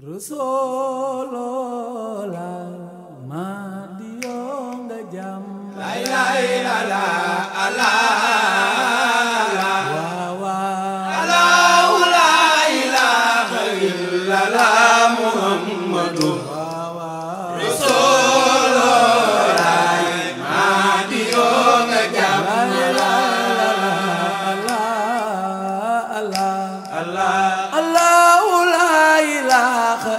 rasuloola ma di yonga jam la ilaha illallah ñoo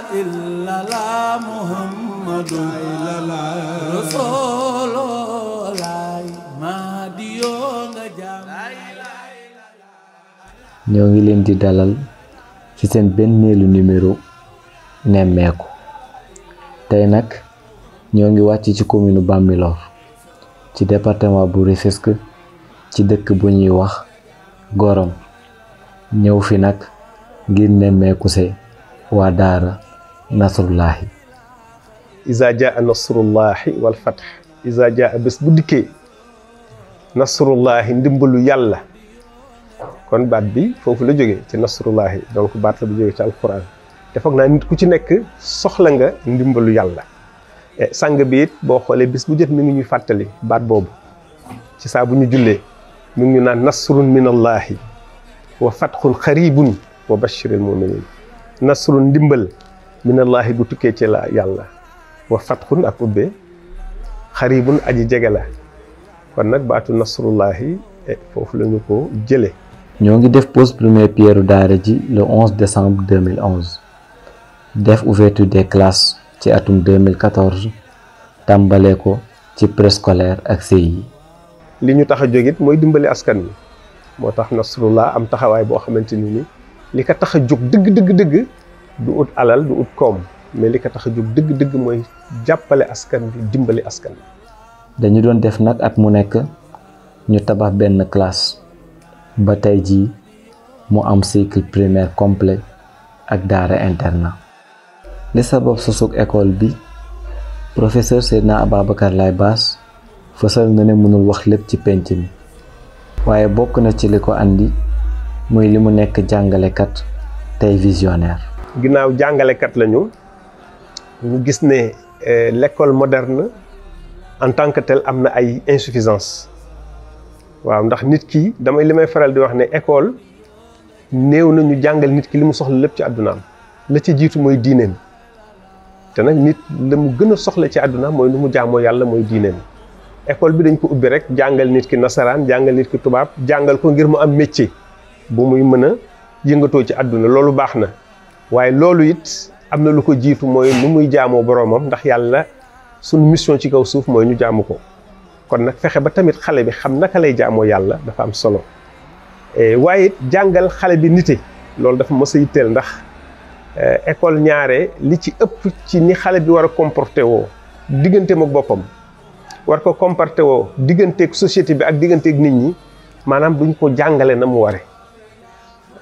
ngi leen di dalal ci seen benneelu numéro nemmeeku tey nag ñoo ngi wàcc ci commune Bambilor ci département bu Rufisque ci dëkk bu ñuy wax Gorom ñëw fi nag ngir nemmeeku se waa daara nasrullahi isa jaa nasrullahi wal fatx isa jaa bés bu dikkee nasrullahi ndimbalu yàlla kon baat bi foofu la jóge ci nasrullahi donc baat la bu jógee ci alquran te foog naa ku ci nekk soxla nga ndimbalu yàlla e sang bi boo xoolee bis bu jot mi ngi ñuy fàttali baat boobu ci saa bu ñu jullee mu ngi ñu naan nasrun min allahi wa fatxun xaribun wa bashiril muminin nasrun ndimbal minallahi bu tukkee ci la yalla wa fatxun ak ubbe aji jege kon nak batu nasrullahi e eh, fofu lañu ko jële ñoo ngi def pause premier pierre daara ji le 11 décembre 2011 def ouverture des classes ci atum 2014 tàmbale ko ci préscolaire ak CI li ñu taxa jogit moy dimbali askan wi tax nasrullah am taxaway bo xamanteni ni li ka taxa jog deug deug deug du ut alal du ut kom mais li ka tax a deug deug moy askan bi dimbali askan dañu doon def nak at mu nek ñu tabax ben classe ba tay ji mu am cycle primaire complet ak daara interna li sabab sosug école bi professeur Seydina ababakar lay Bass fësal na ne mënul wax lepp ci penc mi waye bokk na ci liko andi moy li nek jangale kat tay visionnaire ginnaaw jàngalekat lañu ñu gis ne eh, lekkool moderne en tant que telle am na ay insuffisance waaw ndax nit ki damay li may faral di wax ne école néew na ñu jàngal nit ki li mu soxla lépp ci àddunaam la ci jiitu mooy diineem te nag nit la mu gën a soxla ci àddunaam mooy nu mu jaamoo yàlla mooy diineem école bi dañ ko ubbi rek jàngal nit ki nasaraan jàngal nit ki tubaab jàngal ko ngir mu am métier bu muy mën a yëngatoo ci àdduna loolu baax na waaye loolu it am na lu ko jiitu mooy nu muy jaamoo boroomam ndax yàlla suñu mission ci kaw suuf mooy ñu jaamu ko kon nag fexe ba tamit xale bi xam naka lay jaamoo yàlla dafa am solo e, waaye it jàngal xale bi nite loolu dafa mos a yitteel ndax e, école ñaare li ci ëpp ci ni xale bi war a comporté woo diggante ak boppam war ko comporté woo digganteeg société bi ak digganteeg nit ñi maanaam duñ ko jàngale na mu ware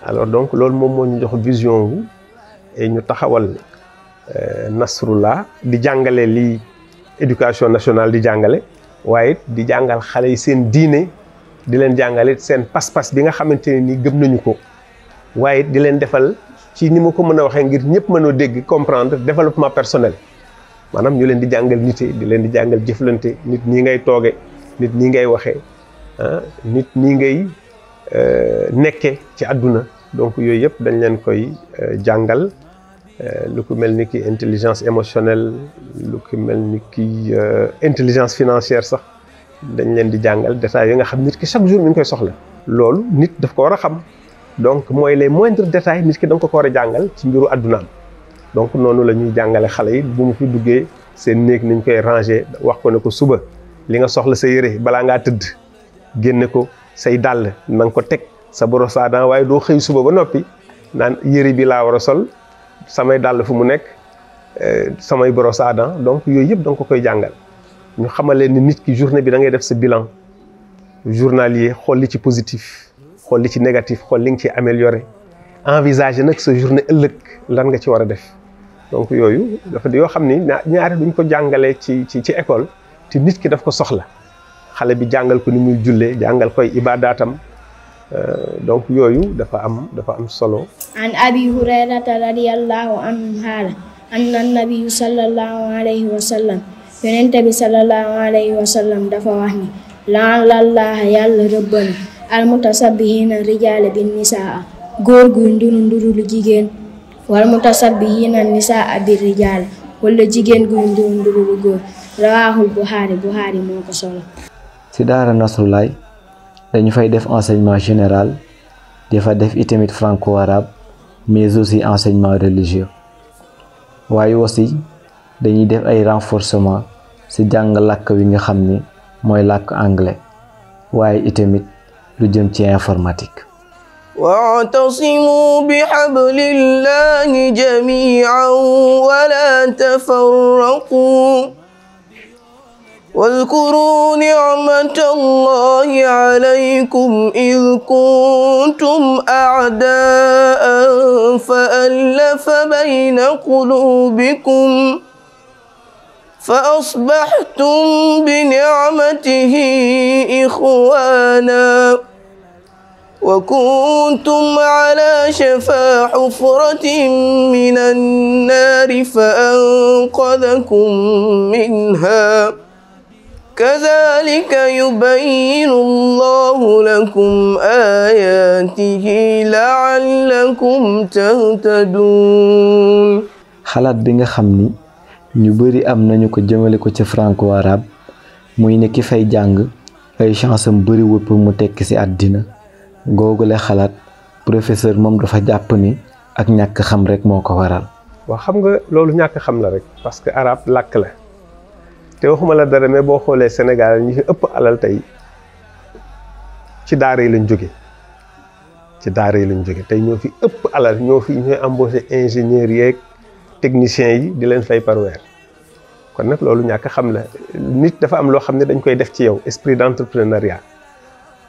alors donc loolu moom moo ñu jox vision wu E ñu taxawal e, Nasrullah di jàngale li éducation nationale di jàngale waaye di jàngal xale yi seen diine di leen jàngale seen pas-pas bi nga xamante ni gëm nañu ko waaye di leen defal ci ni ma ko mën a waxee ngir ñëpp mënoo dégg comprendre développement personnel maanaam ñu leen di jàngal nite di leen di jàngal jëflante nit ñi ngay tooge nit ñi ngay waxee ah, nit ñi ngay e, ci àdduna donc yooyu yëpp dañ leen koy jàngal Euh, lu ko mel ni ki intelligence émotionnelle lu ko mel ni ki euh, intelligence financière sax dañ leen di jàngal détails yi nga xam nit ki chaque jour mi ngi koy soxla loolu nit daf ko war a xam donc mooy les moindres détails nit ki da ko ko war a jàngal ci mbiru àddunaam donc noonu la ñuy jàngale xale yi bu mu fi duggee seen néeg niñ koy ranger wax ko ne ko suba li nga soxla sa yére balaa ngaa tëdd génne ko say dàll nanga ko teg sa brosse à dents waaye doo suba ba noppi naan yére bi laa war a sol samay dàll fu mu nekk eh, samay brosse à donc yooyu yëpp da nga ko koy jàngal ñu xamal leen ni nit ki journée bi da ngay def sa bilan journalier xool li ci positif xool li ci négatif xool li nga ci amélioré envisager nag sa journée ëllëg lan nga ci war a def donc yooyu dafa di yoo xam ni ñaari duñ ko jàngalee ci ci ci école te nit ki daf ko soxla xale bi jàngal ko ni muy jullee jàngal koy ibaadaatam Euh, donc yooyu dafa am dafa am solo an abi hurayrata radiallahu anhu haala anna nabiyu sallallahu alayhi wa sallam yonent bi sallallahu alayhi wa sallam dafa wax ni laalallaha yàlla rëbbana almutasabihina rijaale bin nisaa góor guy nduru nduru lu jigéen wal mutasabihina nisaa bi rijaale wala jigéen guy nduru nduru lu góor rawaahul buxaari buxaari solo ci daara Nasrulaay dañu fay def enseignement général di fa def itamit franco-arabe mais aussi enseignement religieux waaye aussi dañuy def ay renforcement ci jàng làkk wi nga xam ni mooy làkk anglais waaye itamit lu jëm ci informatique واعتصموا بحبل الله جميعا ولا تفرقوا واذكروا نعمة الله عليكم إذ كنتم أعداء فألف بين قلوبكم فأصبحتم بنعمته إخوانا وكنتم على شفا حفرة من النار فأنقذكم منها كذلك يبين الله لكم آياته لعلكم تهتدون xalaat bi nga xam ni ñu bari am nañu ko jëmale ko ci franco arabe muy ne ki fay jàng ay chance am bari wëpp mu tekki ci àddina googule xalaat professeur ak ñàkk xam rek waral waa xam nga loolu ñàkk rek te waxuma la dara mais boo xoolee Sénégal ñi fi ëpp alal tey ci daara yi lañ jóge ci daara yi lañ jóge tey ñoo fi ëpp alal ñoo fi ñooy embauché ingénieurs yeeg techniciens yi di leen fay par weer kon nag loolu ñàkk xam la nit dafa am loo xam ne dañ koy def ci yow esprit d'entrepreneuriat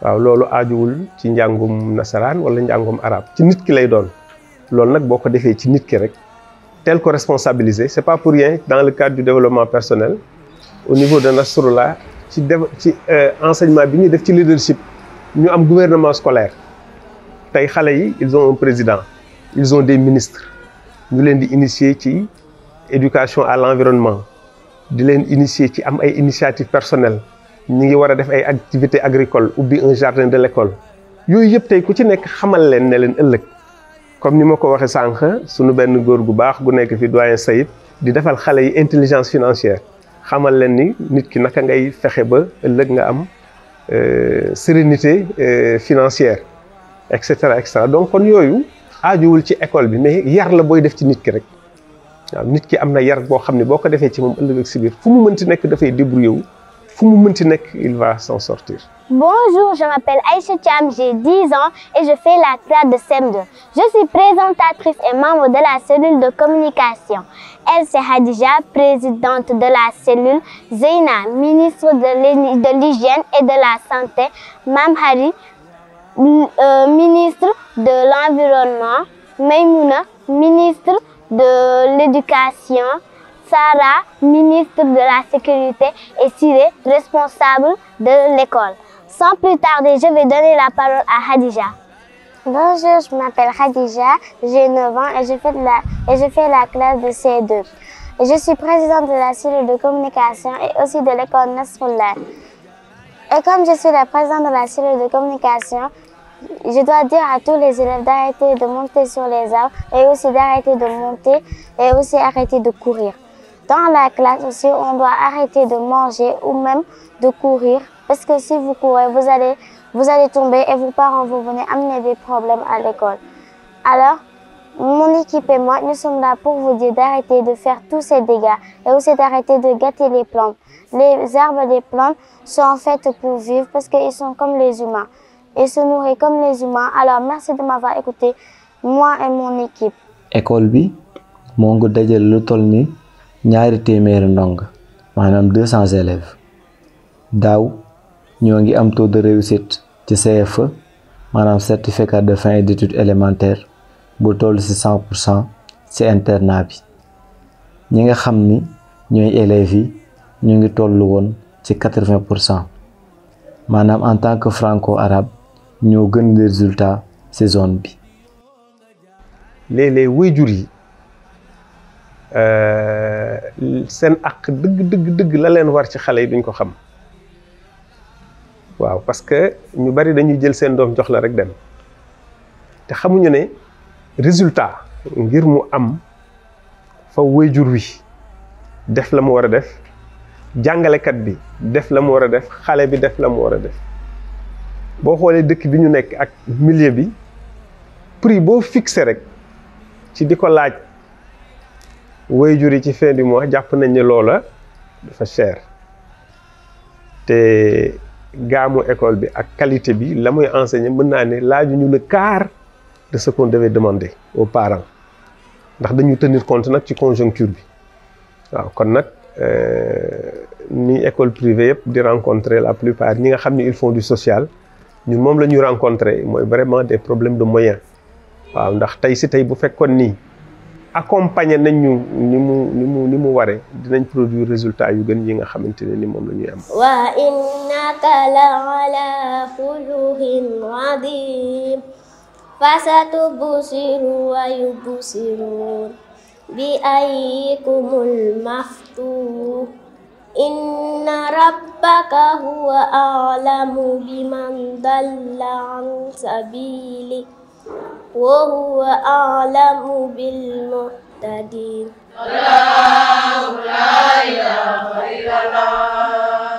waaw loolu aajuwul ci njàngum nasaraan wala njàngum araab ci nit ki lay doon loolu nag boo ko defee ci nit ki rek tel ko responsabiliser c'est pas pour rien dans le cadre développement personnel au niveau de Nasrullah ci euh, enseignement leadership. Nous leadership gouvernement scolaire ils ont un président ils ont des ministres Nous ont di à l'environnement di ont initier initiative personnelle ils ngi des activités agricoles un jardin de l'école Ils ont tey ku ci comme sunu benn intelligence financière xamal leen ni nit ki naka ngay fexe ba ëllëg nga am euh, sérénité euh, financière et cetera et cetera donc kon yooyu aajuwul ci école bi mais yar la booy def ci nit ki rek waaw nit ki am na yar boo xam ne boo ko defee ci moom ëllëg ak si biir fu mu mënti nekk dafay débrouillé wu fu mu mënti nekk il va s'en sortir. Bonjour, je m'appelle Aïcha Cham, j'ai 10 ans et je fais la classe de CM2. Je suis présentatrice et membre de la cellule de communication c'est Hadija, présidente de la cellule, Zeina, ministre de l'hygiène et de la santé, Mamhari, euh, ministre de l'environnement, Maimouna, ministre de l'éducation, Sarah, ministre de la sécurité et Siré, responsable de l'école. Sans plus tarder, je vais donner la parole à Hadija. Bonjour, je m'appelle Khadija, j'ai 9 ans et je fais, la, et je fais la classe de C2. Je suis présidente de la cellule de communication et aussi de l'école Nasrullah. Et comme je suis la présidente de la cellule de communication, je dois dire à tous les élèves d'arrêter de monter sur les arbres et aussi d'arrêter de monter et aussi arrêter de courir. Dans la classe aussi, on doit arrêter de manger ou même de courir parce que si vous courez, vous allez vous allez tomber et vos parents vont venez amener des problèmes à l'école. Alors, mon équipe et moi, nous sommes là pour vous dire d'arrêter de faire tous ces dégâts et aussi d'arrêter de gâter les plantes. Les herbes et les plantes sont en fait pour vivre parce qu'ils sont comme les humains. et se nourrir comme les humains. Alors merci de m'avoir écouté, moi et mon équipe. École B, élèves ñoo ngi am taux de réussite ci CFE maanaam certificat de fin d'études élémentaire bu toll ci cent cent ci internat bi ñi nga xam ni ñooy élèves yi ñu ngi toll woon ci quatre-vingts pour cent maanaam en tant que franco-arabe ñoo gën di résultat ci zone bi. léeg-léeg waajur yi euh, seen àq dëgg dëgg dëgg la leen war ci xale yi duñ ko xam. waaw parce que ñu bari dañuy jël seen doom jox la rek dem te xamuñu ne résultat ngir mu am fa wayjur wi def la mu war a def jàngalekat bi def la mu war a def xale bi def la mu war a def boo xoolee dëkk bi ñu nekk ak milieu bi prix boo fixé rek ci di ko laaj wayjur yi ci fin du mois jàpp nañ ne loola dafa cher te gaamu école bi ak qualité bi la enseigner mën naa ne laaju ñu le quart de ce qu'on devait demander aux parents ndax dañu tenir compte nag ci conjoncture bi waaw kon nag euh, ni école privée yëpp di rencontrer la plupart ñi nga xam ne ils font du social ñun moom la ñu rencontrer mooy vraiment des problèmes de moyens waaw ndax tey si tey bu fekkoon nii accompagner nañu ni mu ni mu ni mu waree dinañ produire résultat yu gën yi nga xamante ne ni moom la ñuy am. إنك لعلى خلوه عظيم فستبصر ويبصرون بأيكم المفتون إن ربك هو أعلم بمن ضل عن سبيله وهو أعلم بالمهتدين الله لا إله إلا الله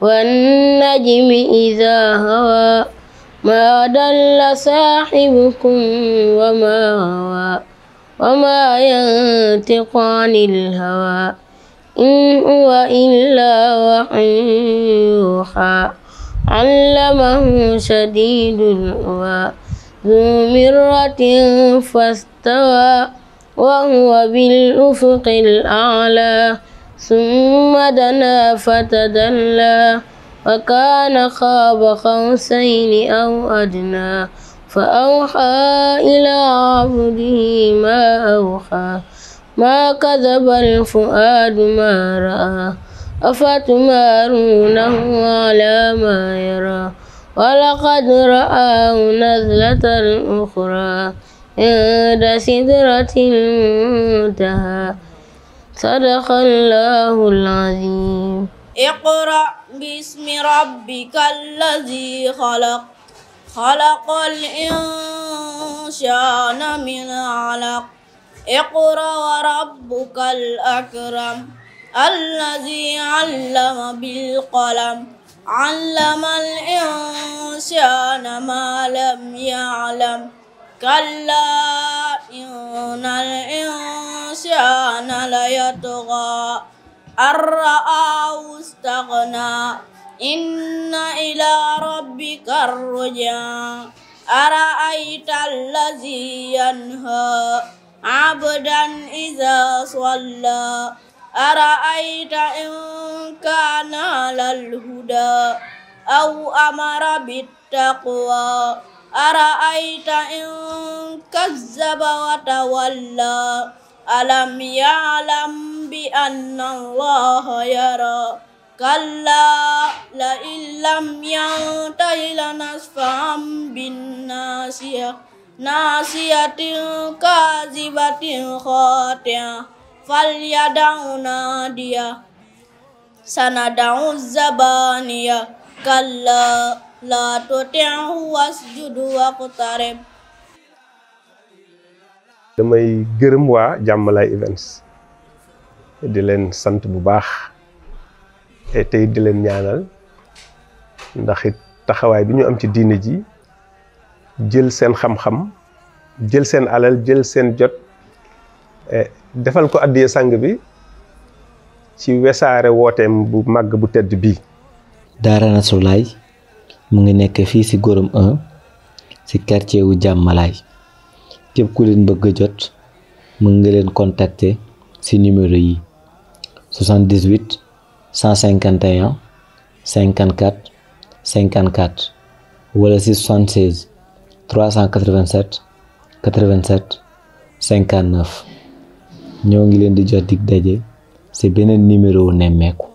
والنجم إذا هوى ما دل صاحبكم وما هوى وما ينطق عن الهوى إن هو إلا وحي يوحى علمه شديد القوى ذو مرة فاستوى وهو بالأفق الأعلى ثم دنا فتدلى وكان خاب قوسين أو أدنى فأوحى إلى عبده ما أوحى ما كذب الفؤاد ما رأى أفتمارونه على ما يرى ولقد رآه نزلة أخرى عند سدرة المنتهى صدق الله العظيم اقرأ باسم ربك الذي خلق خلق الإنسان من علق اقرأ وربك الأكرم الذي علم بالقلم علم الإنسان ما لم يعلم كلا إن الإنسان العصيان ليطغى أن رآه استغنى إن إلى ربك الرجع أرأيت الذي ينهى عبدا إذا صلى أرأيت إن كان على الهدى أو أمر بالتقوى أرأيت إن كذب وتولى ألم يعلم بأن الله يرى كلا لئن لم ينته لنسفعا بالناصية ناصية كاذبة خاطئة فليدع نادية سندع الزبانية كلا لا تطعه واسجد واقترب damay gërëm wa jamalay events di len sant bu baax et tay di len ñaanal ndax it taxaway bi ñu am ci diine ji jël seen xam-xam jël seen alal jël seen jot defal ko addiya sang bi ci wesaare wotem bu mag bu tedd bii daara Nasrulaay mu ngi nekk fi ci gorum 1 ci quartier wu képp ku leen bëgg a jot mën nga leen contacter ci numéro yi cinquante 151 cinquante 54 wala ci 76 387 87 59 ñoo ngi leen di jot dig daje ci beneen numéro wu nemmeeku.